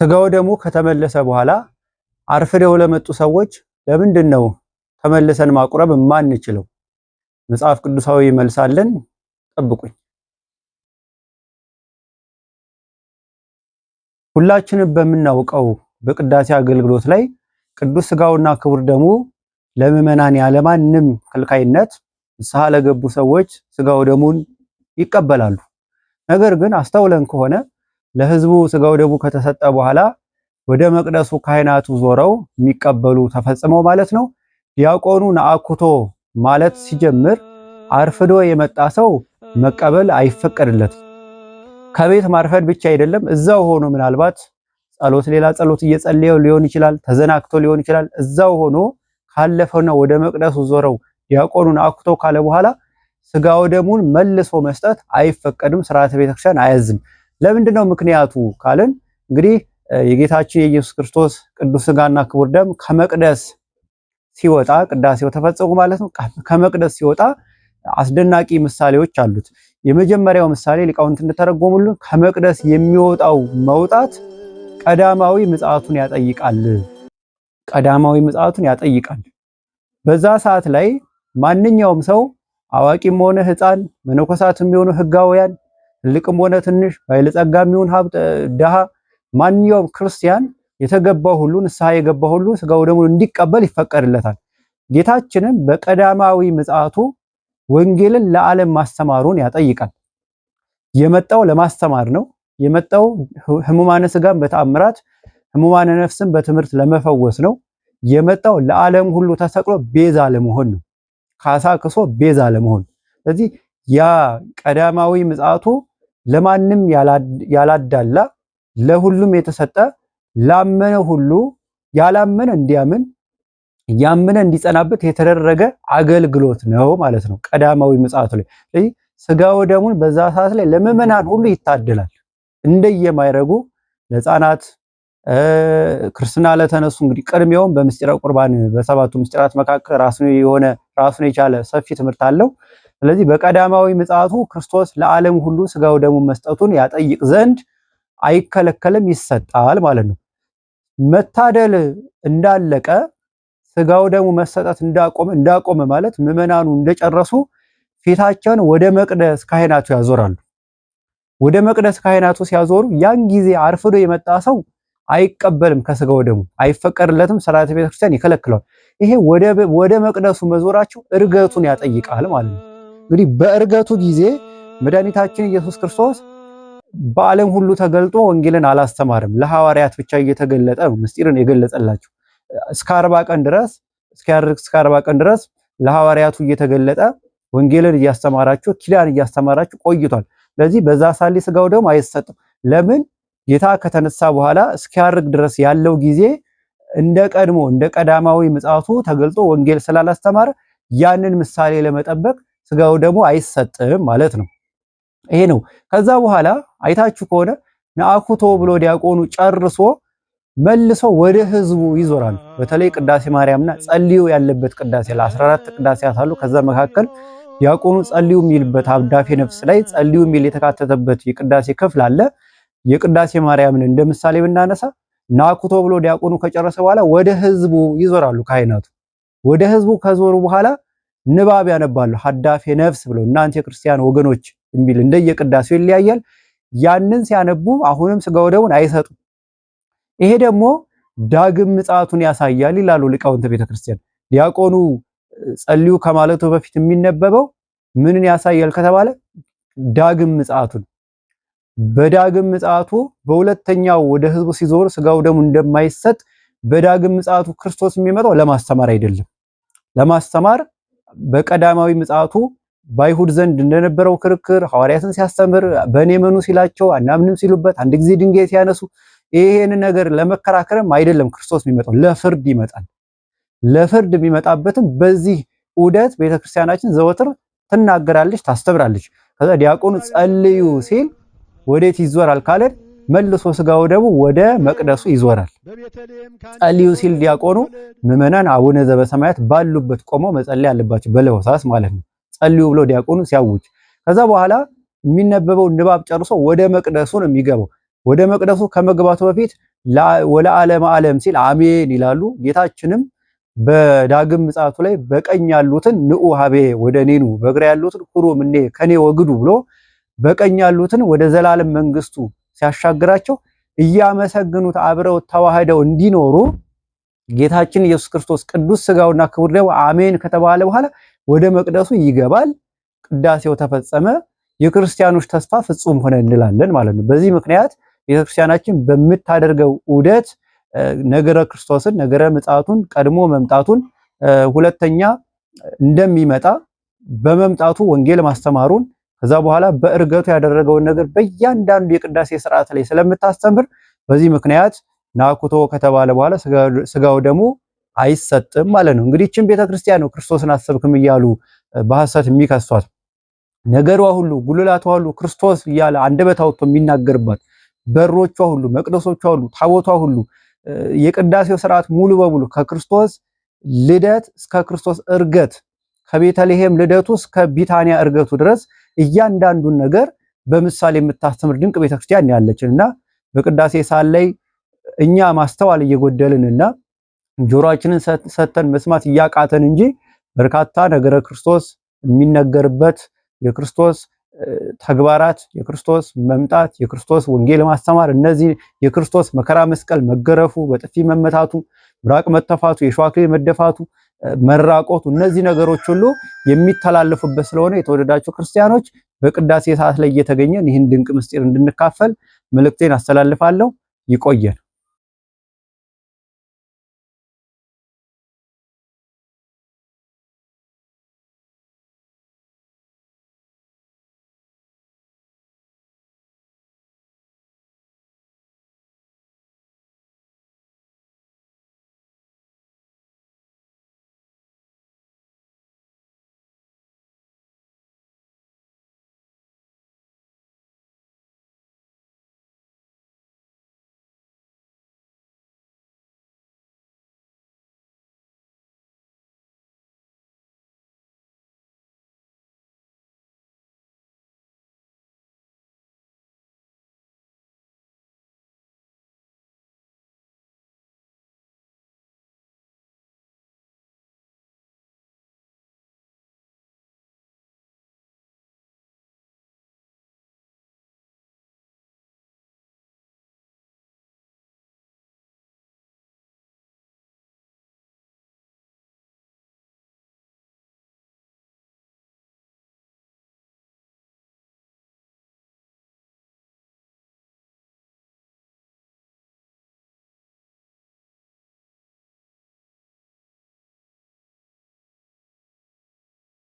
ስጋው ደግሞ ከተመለሰ በኋላ አርፍደው ለመጡ ሰዎች ለምንድን ነው ተመልሰን ማቁረብ የማንችለው? መጽሐፍ ቅዱሳዊ መልሳለን። ጠብቁኝ። ሁላችንም በምናውቀው በቅዳሴ አገልግሎት ላይ ቅዱስ ስጋውና ክቡር ደሙ ለምዕመናን ያለማንም ከልካይነት ንስሐ ለገቡ ሰዎች ስጋው ደሙን ይቀበላሉ። ነገር ግን አስተውለን ከሆነ ለህዝቡ ስጋው ደሙ ከተሰጠ በኋላ ወደ መቅደሱ ካህናቱ ዞረው የሚቀበሉ ተፈጽመው ማለት ነው። ዲያቆኑ ነአኩቶ ማለት ሲጀምር አርፍዶ የመጣ ሰው መቀበል አይፈቀድለት ከቤት ማርፈድ ብቻ አይደለም፣ እዛው ሆኖ ምናልባት ጸሎት፣ ሌላ ጸሎት እየጸለየው ሊሆን ይችላል፣ ተዘናግቶ ሊሆን ይችላል። እዛው ሆኖ ካለፈውና ወደ መቅደሱ ዞረው ዲያቆኑን አኩቶ ካለ በኋላ ስጋው ደሙን መልሶ መስጠት አይፈቀድም። ስርዓተ ቤተክርስቲያን አያዝም። ለምንድን ነው ምክንያቱ ካልን እንግዲህ የጌታችን የኢየሱስ ክርስቶስ ቅዱስ ስጋና ክቡር ደም ከመቅደስ ሲወጣ ቅዳሴው ተፈጸሙ ማለት ነው። ከመቅደስ ሲወጣ አስደናቂ ምሳሌዎች አሉት። የመጀመሪያው ምሳሌ ሊቃውንት እንደተረጎሙሉ ከመቅደስ የሚወጣው መውጣት ቀዳማዊ ምጽአቱን ያጠይቃል። ቀዳማዊ ምጽአቱን ያጠይቃል። በዛ ሰዓት ላይ ማንኛውም ሰው አዋቂም ሆነ ሕፃን መነኮሳት የሚሆኑ ሕጋውያን ትልቅም ሆነ ትንሽ ባለጸጋም ይሁን ሀብት ድሃ፣ ማንኛውም ክርስቲያን የተገባ ሁሉ ንስሐ የገባ ሁሉ ስጋው ደግሞ እንዲቀበል ይፈቀድለታል። ጌታችንም በቀዳማዊ ምጽአቱ ወንጌልን ለዓለም ማስተማሩን ያጠይቃል። የመጣው ለማስተማር ነው። የመጣው ህሙማነ ስጋን በተአምራት ህሙማነ ነፍስን በትምህርት ለመፈወስ ነው። የመጣው ለዓለም ሁሉ ተሰቅሎ ቤዛ ለመሆን ነው። ካሳ ክሶ ቤዛ ለመሆን ስለዚህ ያ ቀዳማዊ ምጽአቱ ለማንም ያላዳላ ለሁሉም የተሰጠ ላመነ ሁሉ ያላመነ እንዲያምን ያመነ እንዲጸናበት የተደረገ አገልግሎት ነው ማለት ነው። ቀዳማዊ ምጽአቱ ላይ ስለዚህ ስጋው ደሙን በዛ ሰዓት ላይ ለምእመናን ሁሉ ይታደላል እንደየማይረጉ ለሕፃናት ክርስትና ለተነሱ እንግዲህ ቅድሚያውን በምስጢረ ቁርባን በሰባቱ ምስጢራት መካከል ራሱን የሆነ ራሱን የቻለ ሰፊ ትምህርት አለው። ስለዚህ በቀዳማዊ ምጽአቱ ክርስቶስ ለዓለም ሁሉ ስጋው ደሙ መስጠቱን ያጠይቅ ዘንድ አይከለከልም፣ ይሰጣል ማለት ነው። መታደል እንዳለቀ ስጋው ደሙ መሰጠት እንዳቆመ እንዳቆመ ማለት ምዕመናኑ እንደጨረሱ ፊታቸውን ወደ መቅደስ ካህናቱ ያዞራሉ። ወደ መቅደስ ካህናቱ ሲያዞሩ ያን ጊዜ አርፍዶ የመጣ ሰው አይቀበልም፣ ከስጋው ደሙ አይፈቀድለትም፣ ሥርዓተ ቤተክርስቲያን ይከለክለዋል። ይሄ ወደ መቅደሱ መዞራቸው እርገቱን ያጠይቃል ማለት ነው። እንግዲህ በእርገቱ ጊዜ መድኃኒታችን ኢየሱስ ክርስቶስ በዓለም ሁሉ ተገልጦ ወንጌልን አላስተማርም። ለሐዋርያት ብቻ እየተገለጠ ነው ምስጢርን የገለጸላቸው እስከ አርባ ቀን ድረስ እስኪያርግ እስከ አርባ ቀን ድረስ ለሐዋርያቱ እየተገለጠ ወንጌልን እያስተማራቸው ኪዳን እያስተማራቸው ቆይቷል። ስለዚህ በዛ ሳሌ ስጋው ደግሞ አይሰጥም። ለምን? ጌታ ከተነሳ በኋላ እስኪያርግ ድረስ ያለው ጊዜ እንደ ቀድሞ እንደ ቀዳማዊ ምጽአቱ ተገልጦ ወንጌል ስላላስተማረ ያንን ምሳሌ ለመጠበቅ ስጋው ደግሞ አይሰጥም ማለት ነው። ይሄ ነው። ከዛ በኋላ አይታችሁ ከሆነ ነአኩቶ ብሎ ዲያቆኑ ጨርሶ መልሶ ወደ ህዝቡ ይዞራል። በተለይ ቅዳሴ ማርያምና ጸልዩ ያለበት ቅዳሴ ለ14 ቅዳሴያት አሉ። ከዛ መካከል ዲያቆኑ ጸልዩ የሚልበት አብዳፌ ነፍስ ላይ ጸልዩ የሚል የተካተተበት የቅዳሴ ክፍል አለ። የቅዳሴ ማርያምን እንደ ምሳሌ ብናነሳ ናኩቶ ብሎ ዲያቆኑ ከጨረሰ በኋላ ወደ ህዝቡ ይዞራሉ ካህናቱ። ወደ ህዝቡ ከዞሩ በኋላ ንባብ ያነባለሁ ሀዳፌ ነፍስ ብሎ እናንተ የክርስቲያን ወገኖች የሚል እንደየቅዳሴው ይለያያል። ያንን ሲያነቡ አሁንም ስጋ ደሙን አይሰጡም። ይሄ ደግሞ ዳግም ምጽአቱን ያሳያል ይላሉ ሊቃውንተ ቤተክርስቲያን። ዲያቆኑ ጸልዩ ከማለቱ በፊት የሚነበበው ምንን ያሳያል ከተባለ ዳግም ምጽአቱን። በዳግም ምጽአቱ በሁለተኛው ወደ ህዝቡ ሲዞር ስጋ እንደማይሰጥ በዳግም ምጽአቱ ክርስቶስ የሚመጣው ለማስተማር አይደለም ለማስተማር በቀዳማዊ ምጽአቱ በአይሁድ ዘንድ እንደነበረው ክርክር ሐዋርያትን ሲያስተምር በእኔ መኑ ሲላቸው አናምንም ሲሉበት አንድ ጊዜ ድንጋይ ሲያነሱ ይሄን ነገር ለመከራከርም አይደለም ክርስቶስ የሚመጣው ለፍርድ ይመጣል። ለፍርድ የሚመጣበትም በዚህ ዑደት ቤተክርስቲያናችን ዘወትር ትናገራለች፣ ታስተምራለች። ከዛ ዲያቆኑ ጸልዩ ሲል ወዴት ይዞራል ካለን መልሶ ስጋ ደግሞ ወደ መቅደሱ ይዞራል። ጸልዩ ሲል ዲያቆኑ ምዕመናን አቡነ ዘበሰማያት ባሉበት ቆመው መጸለይ አለባቸው። በለሆሳስ ማለት ነው። ጸልዩ ብሎ ዲያቆኑ ሲያውጅ ከዛ በኋላ የሚነበበው ንባብ ጨርሶ ወደ መቅደሱ ነው የሚገባው። ወደ መቅደሱ ከመግባቱ በፊት ወለዓለመ ዓለም ሲል አሜን ይላሉ። ጌታችንም በዳግም ምጽአቱ ላይ በቀኝ ያሉትን ንዑ ሀቤ ወደ ኔኑ፣ በግራ ያሉትን ሁሩም እኔ ከኔ ወግዱ ብሎ በቀኝ ያሉትን ወደ ዘላለም መንግስቱ ሲያሻግራቸው እያመሰግኑት አብረው ተዋህደው እንዲኖሩ ጌታችን ኢየሱስ ክርስቶስ ቅዱስ ስጋውና ክቡር ደሙ አሜን ከተባለ በኋላ ወደ መቅደሱ ይገባል። ቅዳሴው ተፈጸመ። የክርስቲያኖች ተስፋ ፍጹም ሆነ እንላለን ማለት ነው። በዚህ ምክንያት ቤተክርስቲያናችን በምታደርገው ዑደት ነገረ ክርስቶስን ነገረ ምጽአቱን ቀድሞ መምጣቱን ሁለተኛ እንደሚመጣ በመምጣቱ ወንጌል ማስተማሩን ከዛ በኋላ በእርገቱ ያደረገውን ነገር በእያንዳንዱ የቅዳሴ ስርዓት ላይ ስለምታስተምር በዚህ ምክንያት ናኩቶ ከተባለ በኋላ ስጋው ደግሞ አይሰጥም ማለት ነው። እንግዲህ ይህችን ቤተክርስቲያን ነው ክርስቶስን አሰብክም እያሉ በሐሰት የሚከሷት። ነገሯ ሁሉ ጉልላቷ ሁሉ ክርስቶስ እያለ አንደበቷ ወጥቶ የሚናገርባት በሮቿ ሁሉ መቅደሶቿ ሁሉ ታቦቷ ሁሉ የቅዳሴው ስርዓት ሙሉ በሙሉ ከክርስቶስ ልደት እስከ ክርስቶስ እርገት ከቤተልሔም ልደቱ እስከ ቢታንያ እርገቱ ድረስ እያንዳንዱን ነገር በምሳሌ የምታስተምር ድንቅ ቤተክርስቲያን ያለችን እና በቅዳሴ ሰዓት ላይ እኛ ማስተዋል እየጎደልን እና ጆሮአችንን ሰተን መስማት እያቃተን እንጂ በርካታ ነገረ ክርስቶስ የሚነገርበት የክርስቶስ ተግባራት የክርስቶስ መምጣት፣ የክርስቶስ ወንጌል ማስተማር፣ እነዚህ የክርስቶስ መከራ፣ መስቀል መገረፉ፣ በጥፊ መመታቱ፣ ምራቅ መተፋቱ፣ የሸዋ መደፋቱ፣ መራቆቱ፣ እነዚህ ነገሮች ሁሉ የሚተላለፉበት ስለሆነ የተወደዳቸው ክርስቲያኖች በቅዳሴ ሰዓት ላይ እየተገኘን ይህን ድንቅ ምስጢር እንድንካፈል መልእክቴን አስተላልፋለሁ። ይቆየን።